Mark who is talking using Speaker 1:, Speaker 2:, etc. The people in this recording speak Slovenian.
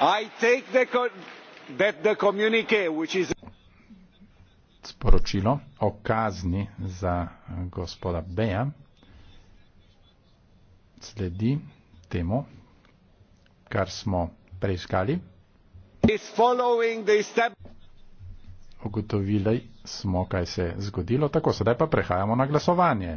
Speaker 1: i take the that the communique which is
Speaker 2: sporočilo o kazni za gospoda Beja sledi temu, kar smo preiskali. Ugotovili smo, kaj se je zgodilo, tako sedaj pa prehajamo na glasovanje.